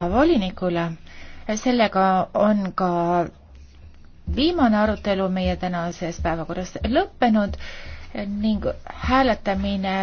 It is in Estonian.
volinikule. sellega on ka viimane arutelu meie tänases päevakorras lõppenud ning hääletamine